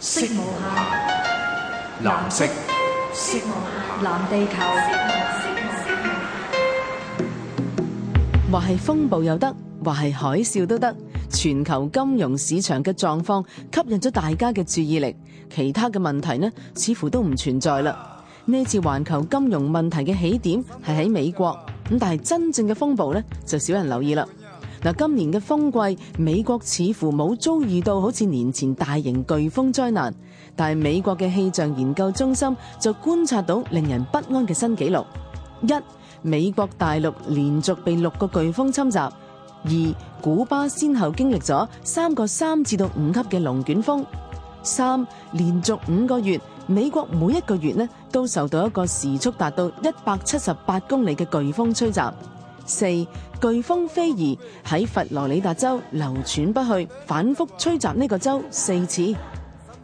色無下藍色。色無下，藍地球。話係風暴又得，話係海嘯都得。全球金融市場嘅狀況吸引咗大家嘅注意力，其他嘅問題呢，似乎都唔存在啦。呢次環球金融問題嘅起點係喺美國，咁但係真正嘅風暴呢就少人留意啦。嗱，今年嘅風季，美國似乎冇遭遇到好似年前大型颶風災難，但係美國嘅氣象研究中心就觀察到令人不安嘅新記錄：一、美國大陸連續被六個颶風侵襲；二、古巴先後經歷咗三個三至到五級嘅龍捲風；三、連續五個月，美國每一個月呢都受到一個時速達到一百七十八公里嘅颶風吹襲。四、颶風飛移喺佛羅里達州流傳不去，反覆吹襲呢個州四次。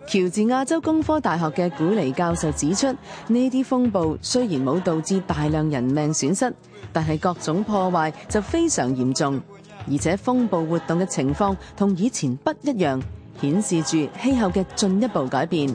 喬治亞州工科大學嘅古尼教授指出，呢啲風暴雖然冇導致大量人命損失，但係各種破壞就非常嚴重，而且風暴活動嘅情況同以前不一樣，顯示住氣候嘅進一步改變。